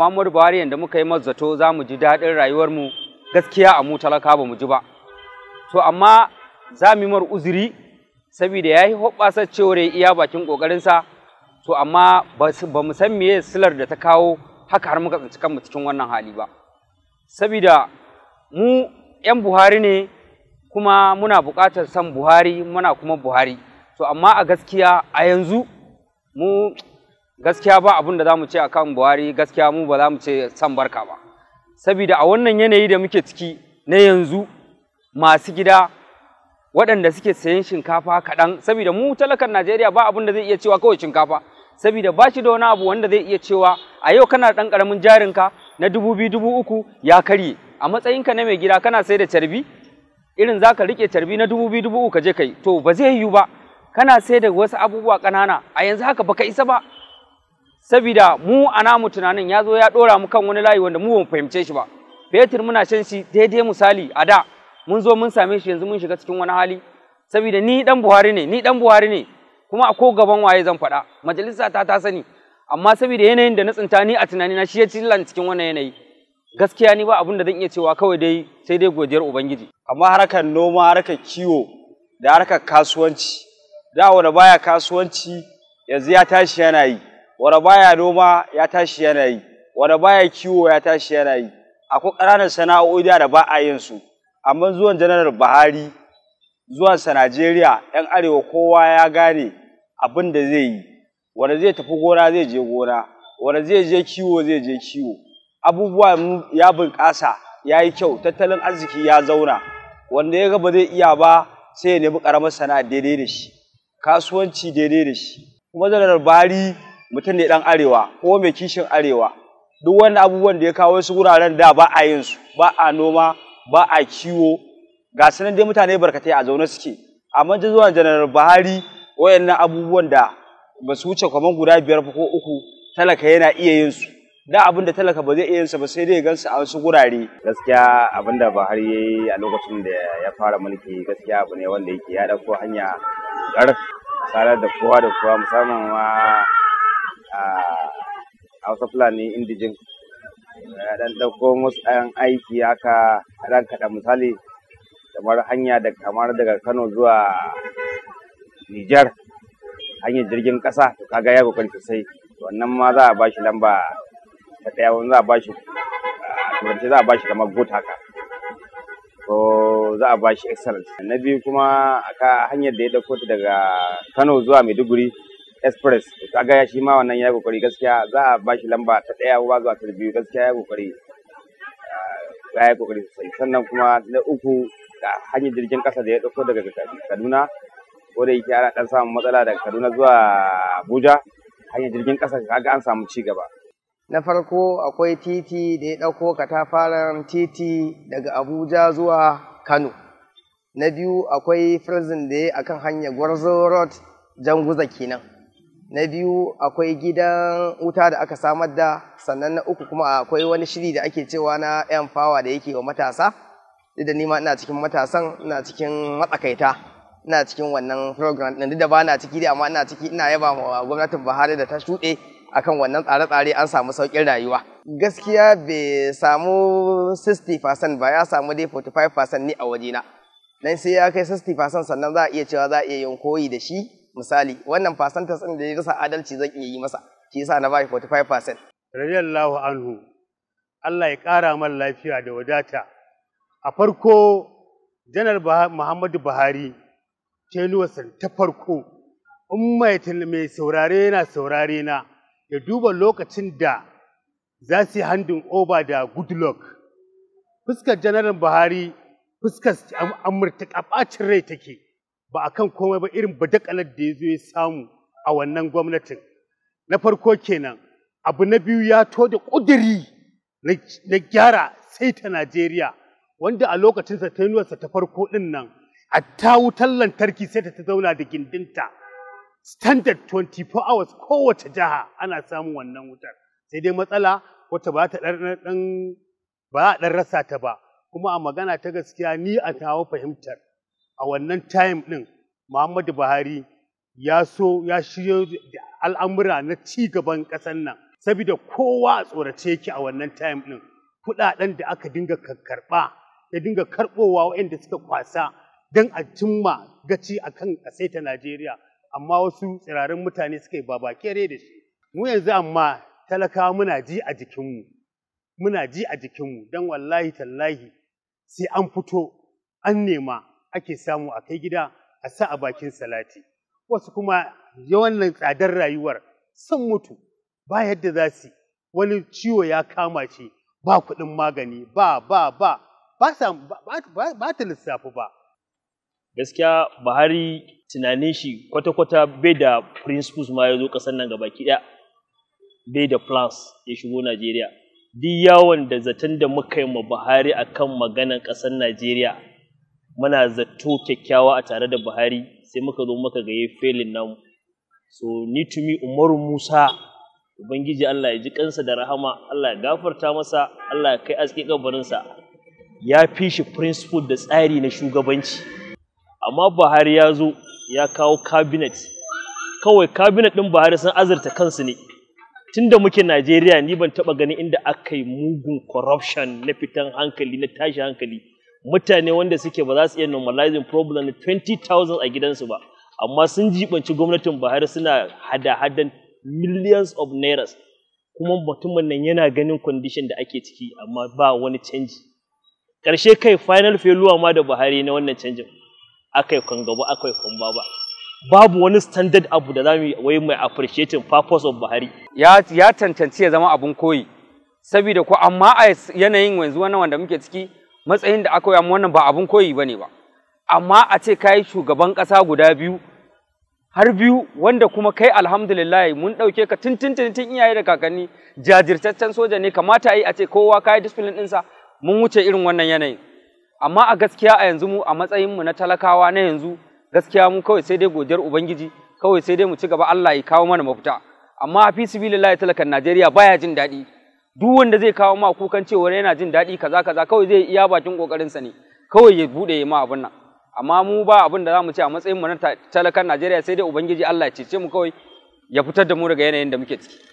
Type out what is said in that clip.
Muhammad Buhari yanda muka yi masa zato za mu ji daɗin rayuwar mu gaskiya a mu talaka ba mu ji ba to amma za mu yi mar uzuri saboda ya yi hoɓɓasar cewar iya bakin ƙoƙarinsa to amma ba mu san meye silar da ta kawo haka har muka tsinci kanmu cikin wannan hali ba saboda mu 'yan buhari ne kuma muna buƙatar san buhari muna kuma buhari to amma a gaskiya a yanzu mu gaskiya ba abin da za mu ce a kan buhari gaskiya mu ba za mu ce san barka ba saboda a wannan yanayi da muke ciki na yanzu masu gida waɗanda suke sayan shinkafa kaɗan saboda mu talakan najeriya ba abin da zai iya cewa kawai shinkafa saboda ba shi da wani abu wanda zai iya cewa a yau kana ɗan ƙaramin ka na dubu biyu dubu uku ya karye a matsayin ka na mai gida kana sai da carbi irin za ka riƙe carbi na dubu biyu dubu uku ka je kai to ba zai yiwu ba kana sai da wasu abubuwa ƙanana a yanzu haka baka isa ba sabida mu a namu tunanin ya zo ya dora mu kan wani layi wanda mu ba mu fahimce shi ba fetur muna shan shi daidai misali a da mun zo mun same shi yanzu mun shiga cikin wani hali sabida ni dan buhari ne ni dan buhari ne kuma a ko gaban waye zan faɗa majalisa ta ta sani amma sabida yanayin da na tsinta ni a tunani na shi ya cillan cikin wannan yanayi gaskiya ni ba abin da zan iya cewa kawai dai sai dai godiyar ubangiji amma harkar noma harkar kiwo da harkar kasuwanci da wanda baya kasuwanci yanzu ya tashi yana yi wanda baya noma ya tashi yana yi wanda baya kiwo ya tashi yana yi akwai ƙananan sana'o'i da ba a yin su amma zuwan janar Buhari zuwansa Najeriya ‘yan arewa kowa ya gane abin da zai yi wanda zai tafi gona zai je gona wanda zai je kiwo zai je kiwo abubuwa ya bunƙasa ya yi kyau tattalin arziki ya zauna wanda ya ga ba zai iya ba sai ya nemi ƙaramar sana'a daidai da shi kasuwanci daidai da shi kuma janar Buhari mutum ne dan arewa ko mai kishin arewa duk wani abubuwan da ya kawo wasu wuraren da ba a yin su ba a noma ba a kiwo ga su dai mutane barkatai a zaune suke amma da zuwa janar Buhari wayannan abubuwan da ba su wuce kwaman guda biyar ko uku talaka yana iya yin su da abin da talaka ba zai iya yin su ba sai dai gansu a wasu gurare. Gaskiya abin da Buhari ya yi a lokacin da ya fara mulki gaskiya abu ne wanda yake ya ɗauko hanya ƙarfi tsarar da kowa da kowa musamman ma a Hausa Fulani Indijin dan ɗauko musu ɗan aiki haka ɗan kaɗan misali kamar hanya da kamar daga Kano zuwa Nijar hanyar jirgin ƙasa to kaga ya kokari sosai wannan ma za a ba shi lamba ta ɗaya wani za a ba shi turanci za a ba shi kamar gota haka to za a ba shi excellence na biyu kuma a hanyar da ya ɗauko ta daga Kano zuwa Maiduguri express kaga shi ma wannan ya kokari gaskiya za a bashi lamba ta daya ba zuwa ta biyu gaskiya ya kokari ah, ya yi kokari sosai sannan kuma na uku ga hanyar jirgin kasa da ya dauko daga kaduna ko da yake ana dan samun matsala daga kaduna zuwa abuja hanyar jirgin kasa ga an samu ci gaba na farko akwai titi da ya dauko katafaren titi daga abuja zuwa kano na biyu akwai prison da ya akan hanyar gwarzo road janguza kenan na biyu akwai gidan wuta da aka samar da sannan na uku kuma akwai wani shiri da ake cewa na yan fawa da yake wa matasa duk da nima ina cikin matasan ina cikin matsakaita ina cikin wannan program din da ba na ciki da amma ina ciki ina yaba ma gwamnatin Buhari da ta shuɗe akan wannan tsare-tsare an samu sauƙin rayuwa gaskiya bai samu 60% ba ya samu dai 45% ni a wajena dan sai ya kai 60% sannan za a iya cewa za a iya yin koyi da shi misali wannan percentage ɗin da ya rasa adalci zai iya yi masa shi yasa na bashi 45% radiyallahu anhu Allah ya ƙara man lafiya da wadata a farko janar Muhammadu Buhari tenuwarsa ta farko in mai saurare na saurare na ya duba lokacin da za su yi handin oba da goodluck fuskar janar buhari fuskar amurta ɓacin rai take ba a kan komai ba irin badakalar da ya zo ya samu a wannan gwamnatin. Na farko kenan, abu na biyu ya to da ƙudiri na gyara sai ta Najeriya, wanda a lokacin ta yi ta farko ɗin nan, a ta wutar lantarki sai ta zauna da gindinta. Standard 24 hours kowace jiha ana samun wannan wutar. Sai dai matsala wata ba ta ɗan rasa ta ba, kuma a magana ta gaskiya ni a tawo fahimtar. a wannan time ɗin Muhammadu Buhari ya so ya shirya da al'amura na ci gaban ƙasar nan saboda kowa a tsorace ki a wannan time ɗin kuɗaɗen da aka dinga karɓa ya dinga karɓowa waɗanda suka kwasa don a cimma gaci a kan ta Najeriya amma wasu tsirarin mutane suka yi ba da shi mu yanzu amma talakawa muna ji a jikinmu muna ji a jikinmu don wallahi tallahi sai an fito an nema ake samu a kai gida a sa a bakin salati wasu kuma yawan tsadar rayuwar sun mutu ba yadda za su wani ciwo ya kama ce. ba kuɗin magani ba ba ba ba ta lissafi ba gaskiya buhari tunanin shi kwata-kwata bai da principles ma ya zo ƙasar nan gaba ɗaya bai da plans ya shigo najeriya duk yawon da zaton da muka yi ma buhari akan maganan ƙasar najeriya muna zato kyakkyawa a tare da buhari sai muka zo muka ga felin namu so ni tumi umaru musa ubangiji allah ya ji kansa da rahama allah ya gafarta masa allah ya kai aski kabarinsa ya fi shi principle da tsari na shugabanci amma buhari ya zo ya kawo cabinet kawai cabinet ɗin buhari sun azurta kansu ne tun da muke najeriya ni ban taba ganin inda aka yi mugun corruption na fitan hankali na tashi hankali mutane wanda suke ba za su iya normalizing problem 20,000 a gidansu ba amma sun jibanci gwamnatin Buhari suna hada-hadan millions of nairas kuma mutumin nan yana ganin condition da ake ciki amma ba wani canji ƙarshe kai final failure ma da Buhari na wannan canjin akai kan gaba akai kan baba babu wani standard abu da zamu wai mai appreciating purpose of Buhari ya ya tantance ya zama abun koyi saboda ko amma a yanayin yanzu wannan wanda muke ciki matsayin da aka yi wannan ba abun koyi bane ba amma a ce kai shugaban kasa guda biyu har biyu wanda kuma kai alhamdulillah mun ɗauke ka tun tun iyaye da kakanni jajirtaccen soja ne kamata a yi a ce kowa kayi discipline sa mun wuce irin wannan yanayin amma a gaskiya a yanzu mu a matsayin mu na talakawa na yanzu gaskiya mu kawai sai dai godiyar ubangiji kawai sai dai mu ci gaba Allah ya kawo mana mafita amma fi sibilillahi talakan Najeriya baya jin daɗi duk wanda zai kawo ma kukan cewa yana jin daɗi kaza kaza kawai zai iya bakin kokarinsa ne kawai ya bude ya ma abun nan amma mu ba abin da zamu ce a matsayin mu na talakan Najeriya sai dai ubangiji Allah ya cece mu kawai ya fitar da mu daga yanayin da muke ciki